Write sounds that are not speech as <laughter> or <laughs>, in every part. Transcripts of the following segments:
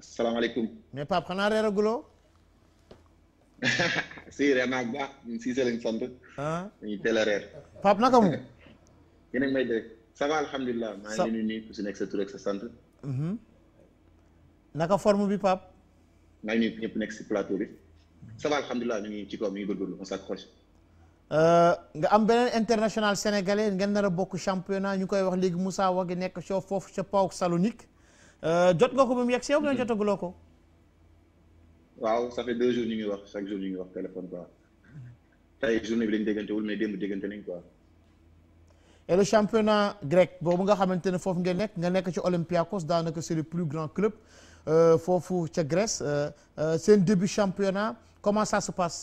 asalaamaaleykum. mais Pape xanaa reer aguloo. <laughs> si reer naa baax ñun Cissé lañ sant. ah ñu teel a reer. Pape naka mu. <laughs> yéen a ngi may dégg si nekk sa tur sa sant. Mhm. naka forme bi Pape. maa ngi nuyu ñëpp nekk si plateau bi. ça va alhamdulilah ñu ngi ci kaw mi ngi góorgóorlu euh, am beneen international sénégalais ngeen nar a bokk championnat ñu koy wax léegi Moussa Wagué nekk foofu sa ca PAOK Salonique. Euh, jot nga ko ba mu yegg si yow nga jotaguloo ko. waaw ça fait deux jours ñu ngi wax chaque jour ñu ngi wax téléphone quoi tey journée bi lañ déggantewul mais démb déggante nañ quoi. et le championnat grec boobu nga xamante ne foofu ngeen nekk nga nekk ci Olympiakos daanaka c'est le plus grand club euh, foofu ca Grèce euh, seen début championnat comment ça se passe.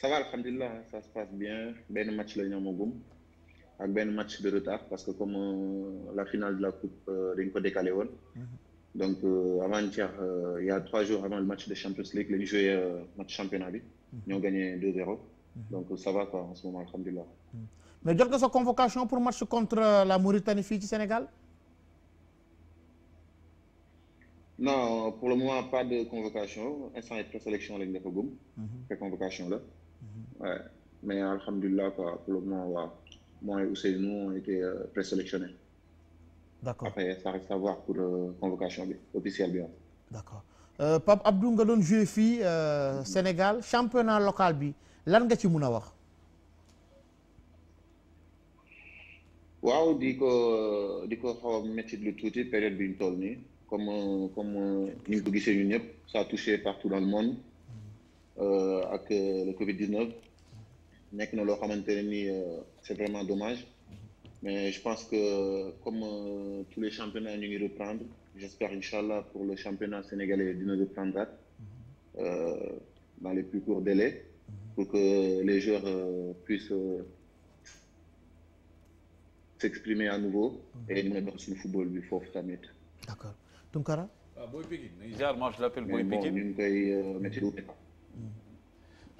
ça va alhamdulilah ça se passe bien benn match la ñu amagum ak un match de retard parce que comme euh, la finale de la coupe euh, dañ de décalé mm-hmm. donc euh, avant-hier il y a trois jours avant le match de Champions League les joueurs joué match championnat ils mm-hmm. ont gagné 2-0 mm-hmm. donc ça va quoi en ce moment Alhamdulillah. mais d'autres nga sa convocation pour match contre la Mauritanie du Sénégal non pour le moment pas de convocation instant yi présélection lañ dafa gum de convocation la mais Alhamdulillah pour le moment va moi et nous ont été présélectionnés. D'accord. Après, ça reste à voir pour la euh, convocation officielle. Hein. D'accord. Euh, Pape Abdou Ngalon, je joué euh, Sénégal championnat local bi lan nga ci peux Waouh, wax. waaw di ko euh, di le tout a période de tournée. comme comme ni ñu ça a touché partout dans le monde euh, le Covid 19 na ni euh, c'est vraiment dommage mais je pense que comme euh, tous les championnats ñu ngi reprendre j'espère inchallah pour le championnat sénégalais dina reprendre euh, dans les plus courts délais pour que les joueurs euh, puissent s'exprimer à nouveau et nous a le football du foofu tamit d'accord Donc, Kara ah, Boy Pikine genre moi je l'appelle Boy Pikine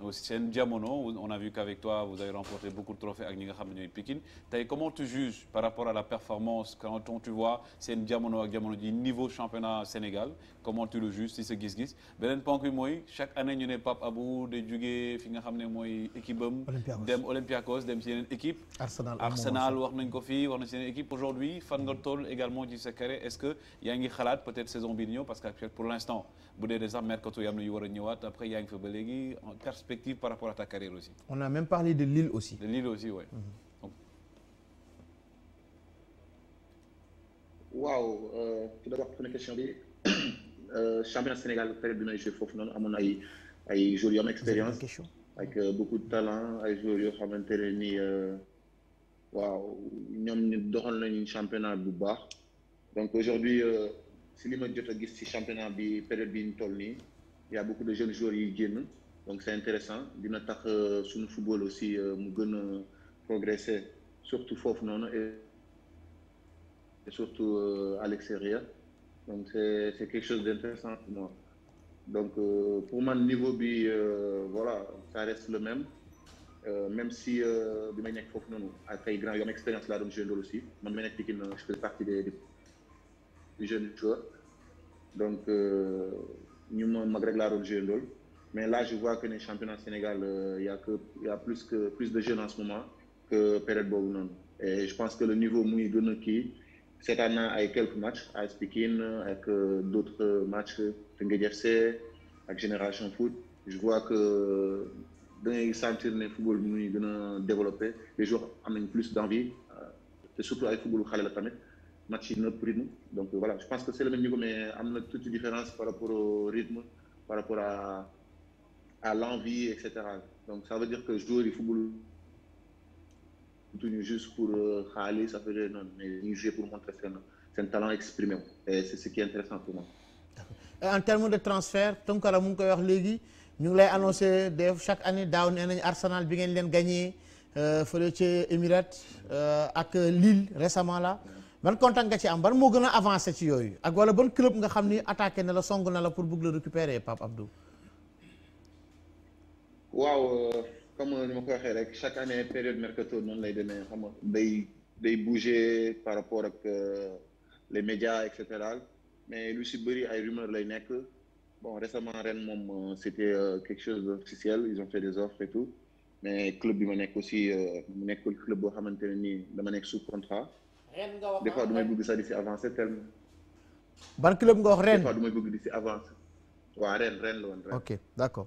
un Diamono, on a vu qu'avec toi vous avez remporté beaucoup de trophées à ñi nga Pékin. comment tu juges par rapport à la performance quand on tu vois seen Diamono ak Diamono ji niveau championnat Sénégal comment tu le juges si c'est gis-gis Benen ponk bi chaque année ñu ne à Abou de jugee fi nga ne équipe Olympiakos, Olympiakos dem une équipe Arsenal Arsenal. nañ ko fii une équipe aujourd'hui fan nga également du est-ce que a ngi xalaat peut-être saison Bignon parce que pour l'instant Boudé des Armes, mercato yi am na yu war a ñëwaat après ba par rapport à ta carrière aussi. On a même parlé de Lille aussi. De Lille aussi, oui. Mhm. Waouh euh, Tout d'abord, première question <coughs> Euh, champion Sénégal période de may joué non? noonu d'expérience. ay ay joueurs expérience Avec euh, beaucoup de talent ay joueurs yoo xamante ne Wow, euh, Waouh Nous ñu doxal championnat du bas. donc aujourd'hui si je me dis que c'est championnat de période bi il y a beaucoup de jeunes joueurs qui viennent donc c'est intéressant d'une attaque euh, sur le football aussi euh, mu a progresser surtout foofu et surtout euh, à l'extérieur donc c'est quelque chose d'intéressant pour moi donc pour le niveau bi voilà ça reste le même même si bi may nekk foofu noonu ak une grand expérience là doon jeune aussi je fais partie des des du joueurs donc ñu ma mag rek laa doon mais là, je vois que les championnats Sénégal, euh, il y a, plus, que, plus de jeunes en ce moment que Péret Bognon. Et je pense que le niveau Mouy qui cette année, avec quelques matchs, avec Speaking, avec euh, d'autres matchs, Tengue FC, avec Génération Foot, je vois que euh, dans les sentir le football nous gëna développer les joueurs amènent plus d'envie et surtout avec le football Khalil Tamet. match de notre rythme donc voilà je pense que c'est le même niveau mais il y a toute une différence par rapport au rythme par rapport à à l'envie, etc. Donc ça veut dire que jouer du football tenu juste pour râler, euh, ça veut dire non, mais jouer pour montrer que c'est un talent exprimé. Et c'est ce qui est intéressant pour moi. En termes de transfert, Tonkara que koy wax nous ñu annoncé chaque année dans nee Arsenal bi gagné euh, fële Emirates, euh, Lille récemment là suis content nga ci am ban moo gën avancé ci ak wala club nga a attaqué la pour le récupérer Pape Abdou waaw comme ni ma ko waxee rek chaque année période mercato noonu lay demee xam nga day day bouger par rapport ak euh, les médias et cetera mais lu si bëri ay rumeurs lay nekk bon récemment ren moom euh, c'était euh, quelque chose officiel, ils ont fait des offres et tout mais club bi ma nekk aussi mu club boo xamante ne nii dama nekk sous contrat. ren nga wax des fois du may bëgg sax di si avancer tellement. ban club nga wax ren des fois du may bëgg di si avancer. waaw ren ren la woon ok d'accord.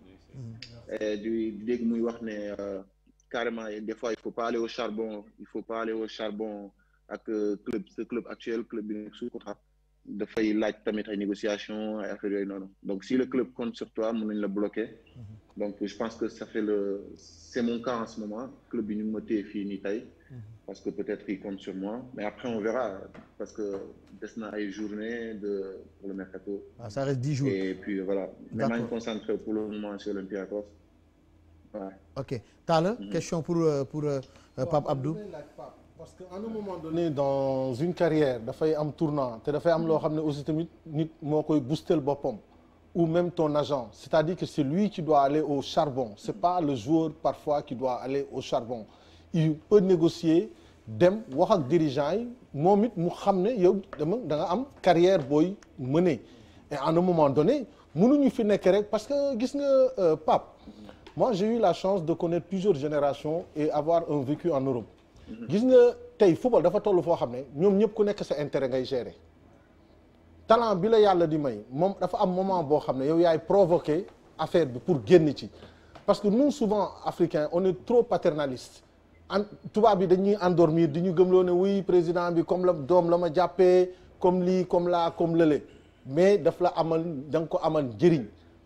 Euh, du dégg muy wax euh, carrément des fois il faut pas aller au charbon il faut pas aller au charbon avec euh, club ce club actuel club bi sous contrat dafay laaj tamit ay négociations ay donc si le club compte sur toi mën nañ le bloquer mhm. donc je pense que ça fait le c'est mon cas en ce moment club bi Moté ma téye parce que peut-être il compte sur moi. Mais après, on verra, parce que Desna a une journée pour le mercato. Ah, ça reste 10 jours. Et puis voilà, maintenant il concentre pour le moment sur l'Olympiakos. Ouais. Ok. Tale, mhm. question pour, euh, pour euh, euh, Pape Abdou parce qu'à un moment donné dans une carrière faut am tournant Il dafay am un xam ne aussi tamit nit booster le ou même ton agent c'est-à-dire que c'est lui qui doit aller au charbon Ce n'est pas le joueur parfois qui doit aller au charbon il peut négocier dem wax ak dirigeant yi moom mu xam yow dama da nga am carrière boy mené et à un moment donné ñu fi nek rek parce que gis nga euh, Pape moi j'ai eu la chance de connaître plusieurs générations et avoir un vécu en Europe gis nga tay football dafa tollu fo xam ne ñep ku nek sa intérêt ngay gérer talent bi la yalla di may mom dafa am moment bo xam yow yaay provoquer affaire bi pour génn ci parce que nous souvent africains on est trop paternalistes. Tout le monde dañuy endormir oui, le dit le président comme la dom la comme lui comme là comme mais il la amal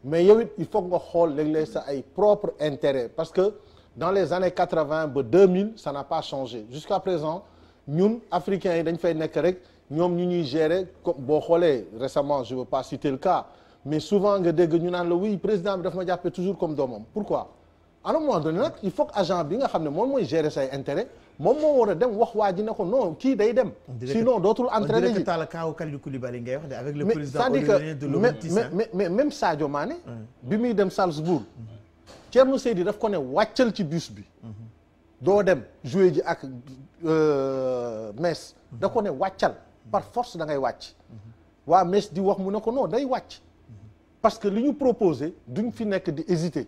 mais il faut que l'Église ait son propre intérêt parce que dans les années 80, 2000, 2000, ça n'a pas changé jusqu'à présent nous africains nous dañ fait rek comme récemment je ne veux pas citer le cas mais souvent nous avons dit que le président bi daf toujours comme doomam pourquoi à moi, il faut que agent bi nga ne gérer ses intérêts, qui Sinon, non sinon d'autres entraînent. on dirait que Koulibaly avec le président de hein. mais même Sadio Mané. bi dem Salzbourg. Thierno Seydi daf ko faut wàccal ci bus bi. dem jouer ji ak euh, par force da ngay Metz di wax mu non day parce que ce ñu proposé duñ fi di hésiter.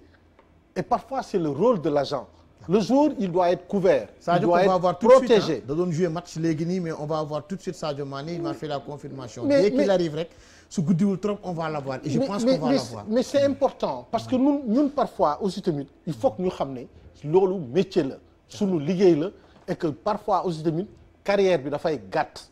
Et parfois, c'est le rôle de l'agent. Le jour, il doit être couvert. Ça il doit être avoir protégé. de suite, hein. match léegi mais on va avoir tout de suite Sadio Mané, il m'a fait la confirmation. Mais, Dès qu'il arrive rek, su guddiwul trop, on va l'avoir. Et je mais, pense qu'on va l'avoir. Mais c'est important parce que nous nous, parfois aussi tamit il faut que sachions que ne loolu métier la sunu liggéey et que parfois aussi tamit carrière bi dafay gàtt.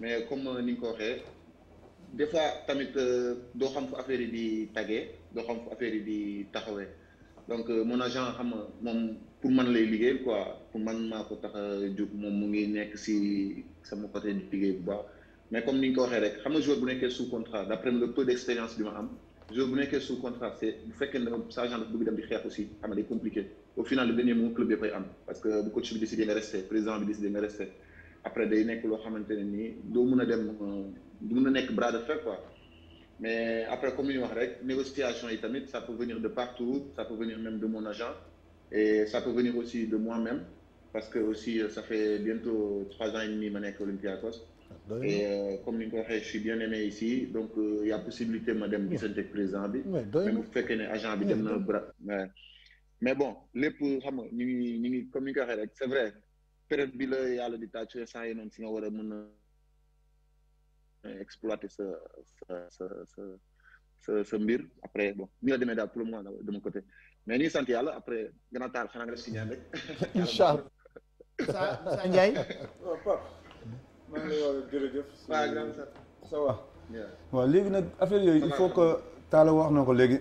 mais comme euh, ni nga des fois tamit euh, doo xam fu affaire yi di tagee doo xam fu affaire yi di taxawee donc euh, mon agent xam mon pour man lay liggéeyal quoi pour man maa ko tax a jóg moom mu ngi nekk si sama côté di liggéey bu mais comme ni nga je waxee rek xam joueur bu sous contrat d'après le peu d'expérience bi ma am joueur bu nekkee sous contrat c'est bu fait que sa agent dafa bëgg dem di xeex aussi ça nga compliqué au final le dernier mot club est prêt am parce que le coach bi décidé rester resté président bi décidé de rester après day y lo des ni qui ont été dem du meuna a bras de fer quoi mais après comme li ñu wax rek négociation yi tamit ça peut venir de partout ça peut venir même de mon agent et ça peut venir aussi de moi-même parce que aussi euh, ça fait bientôt trois ans et demi ma nekk Olympiakos et euh, comme ni ko je suis bien aimé ici donc il euh, y a possibilité madame dem gisante présente. bi même fait que agent bi dem na bras mais bon lépp xam nga ni ni comme ni ko rek c'est vrai période bi la yàlla di tàcc saa yi noonu si nga war a mën a exploiter sa sa oh, sa sa sa sa mbir après bon nii la demee daal pour le moment de mon côté mais ñu ngi sant yàlla après gën a taal xanaa nga def si ñaan rek. incha allah sa sa Ndiaye. waaw Pape maa ngi lay wax jërëjëf. waaw jërëjëf ça va. waaw léegi nag affaire yooyu il faut que Talla wax na ko léegi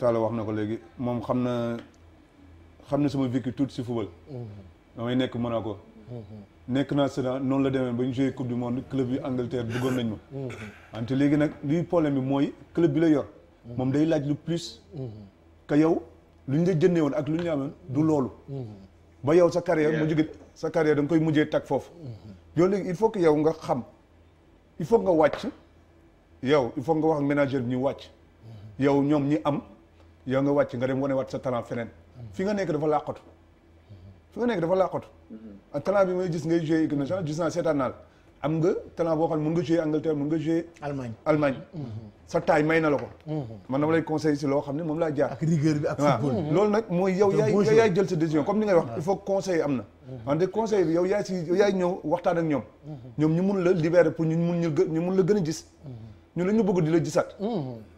Talla wax na ko léegi moom xam na xam na sama vécu tuuti si football. Mm-hmm. damay nekk Monaco nekk naa Sénégal noonu la demee ba ñu joué coupe du monde club yu Angleterre bëggoon nañ ma. Mm-hmm. wante léegi nag luy problème bi mooy club bi la yor. Mm-hmm. moom day laaj lu plus. Mm-hmm. que yow lu ñu la jëndee woon ak lu ñu la amoon du loolu. ba yow sa carrière mu jóge sa carrière da koy mujjee tag foofu. yow léegi il faut que yow nga xam il faut nga wàcc yow il faut nga wax ak manager bi ñu wàcc. yow ñoom ñi am yow nga wàcc nga dem wane waat sa talent feneen. fi nga nekk dafa làqatu. su nga nekk dafa làqatu mhm. ak gis ngay joué équipe nationale gis naa seetaan nga talent boo xam ne mun nga joué Angleterre mun nga joué Allemagne mhm. sa taille may na la ko mhm. man dama lay conseil si loo xam ne moom laa jaar ak rigueur bi ak football loolu nag mooy yow yaay yaay jël sa ni nga wax il faut conseil am na wante conseil bi yow yaay si yow yaay ñëw waxtaan ak ñoom ñoom ñu mun la libérer pour ñu mun ñu ñu mun la gën a gis ñu la ñu bëgg di la gisaat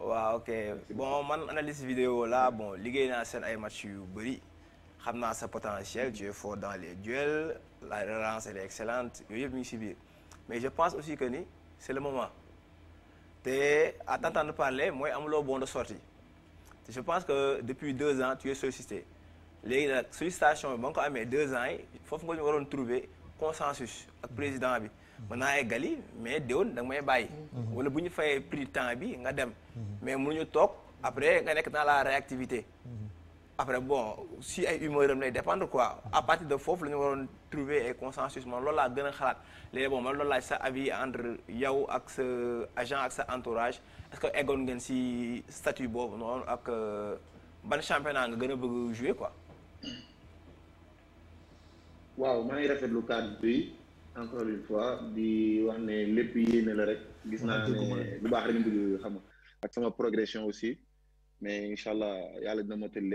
waaw ok bon man analyse vidéo là, bon liggéey naa seen ay match yu bëri xam sa potentiel tu es fort dans les duels la relance elle est excellente yooyu yëpp ñu ngi mais je pense aussi que ni c'est le moment te à t'entendre parler mooy amuloo bon de sortie je pense que depuis deux ans tu es sollicité léegi nag sollicitation bi ba nga deux ans il faut nga ñu waroon trouver consensus ak président bi mën naa eggali mais déwén da may bàyyi. Mhm. wala bu ñu fayee temps bi nga dem. Mhm. mais mënuñu toog après nga nekk dans la réactivité. Mhm. après bon si ay humeur am lay dépendre quoi à partir de fof, la ñu trouver ay consensus man loolu laa gën a xalaat léegi bon man loolu sa avis entre yow ak ce agent ak sa entourage est-ce que eggoon ngeen si statut boobu noonu ak euh, ban championnat nga gën bëgg jouer quoi. waaw maa ngi rafetlu cadre bi encore une fois di wax ne lépp yéene la rek gis na lu baax rek xam ak sama progression aussi mais incha yalla yàlla dina motal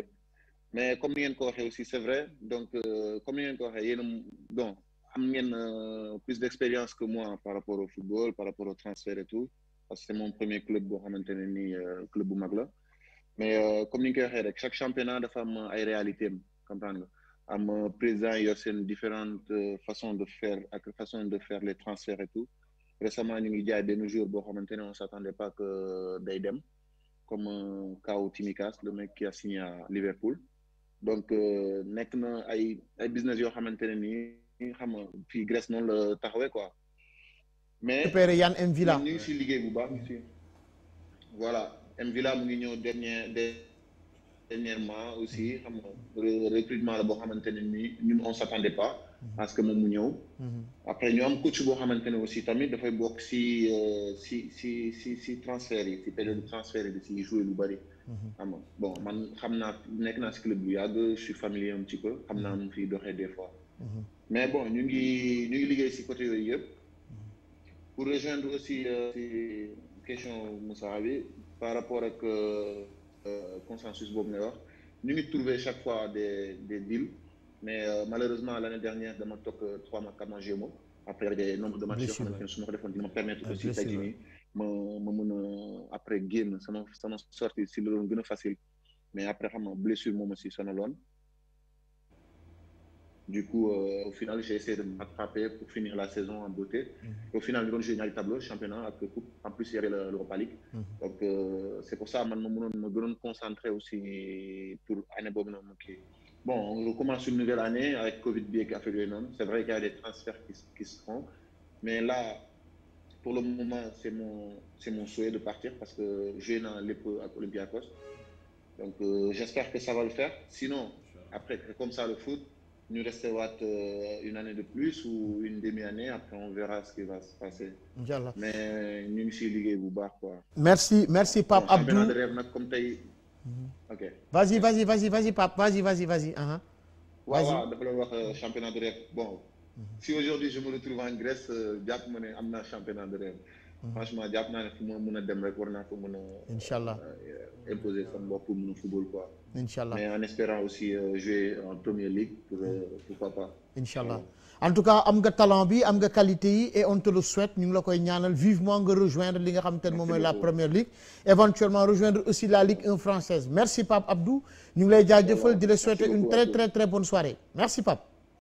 mais comme ni ngeen ko waxe aussi c'est vrai donc euh, comme ni ngeen ko waxe yéena bon am ngeen euh, plus d'expérience que moi par rapport au football par rapport au transfert et tout parce que c'est mon premier club le xamantene ni euh, club bu mag mais comme ni y koy rek chaque championnat dafa am ay réalité comprendre y a aussi une différentes euh, façons de faire ak façon de faire les transferts et tout récemment ñu ngi jaay benn jour boo xamante ne on s'attendait pas que day dem comme Kao Timikas le mec qui a signé à Liverpool donc euh, nekk na ay ay business yoo xamante ne nii xam nga non Grèce noonu quoi. mais repéré Yann Mvila. voilà Mvila, Villa mu dernier dernièrement aussi mhm. xam nga recrutement la boo xamante ne on s'attendait pas mhm. à ce que moom mu ñëw mhm. après ñu am coach boo xamante ne aussi tamit dafay bokk si euh, si si si si transfert c'est si période transfert yi di si joué lu bëri bon man xam naa nekk naa si club bu je suis familier un petit peu xam naa mu fiy doxee des fois mais bon ñu ngi ñu ngi liggéey si côté de yëpp pour rejoindre aussi euh, si question Moussa bi par rapport que euh, consensus bob ngay wax ñu ngi chaque fois des des deals mais euh, malheureusement l'année dernière dama toog euh, trois mois à mois mot. après des nombres de matchs yoo xamante ne su ma ko defoon dina permettre ah, aussi tey jii ma ma après sortie si le doon facile mais après vraiment, blessure moi aussi l'air. Du coup, euh, au final, j'ai essayé de m'attraper pour finir la saison en beauté. Mhm. Au final, j'ai gagné le tableau, championnat, avec le coupe. En plus, il y avait l'Europa League. Mhm. Donc, euh, c'est pour ça que je me concentrer aussi pour l'année Bon, on commence une nouvelle année avec Covid qui a fait le nom. C'est vrai qu'il y a des transferts qui, se font. Mais là, pour le moment, c'est mon, mon souhait de partir parce que j'ai dans l'Olympiakos. Donc, euh, j'espère que ça va le faire. Sinon, après, comme ça, le foot, nous rester euh, une année de plus ou une demi-année. Après, on verra ce qui va se passer. Mais euh, nous sommes ligués au bar. Quoi. Merci, merci, Pape bon, Abdou. Comme mhm. ok. Vas-y, vas-y, vas-y, vas-y, Pape. Vas-y, vas-y, vas-y. Uh ah, -huh. Ah. Ouais, vas ouais, euh, championnat de rêve. Bon, mhm. si aujourd'hui je me retrouve en Grèce, bien que je un championnat de rêve. Mhm. franchement je naa ne fu ma mën dem rek war naa fa mën euh, imposer sama bopp pour mën football quoi. inshallah mais en espérant aussi euh, jouer en première ligue pour euh, mhm. pourquoi pas. en tout cas am nga talent bi am nga qualité yi et on te le souhaite ñu ngi la koy ñaanal vivement nga rejoindre li nga xam tane ne la première ligue. éventuellement rejoindre aussi la Ligue 1 française merci Pape Abdou ñu ngi lay jaajëfal di le souhaiter une très très très bonne soirée merci Pape.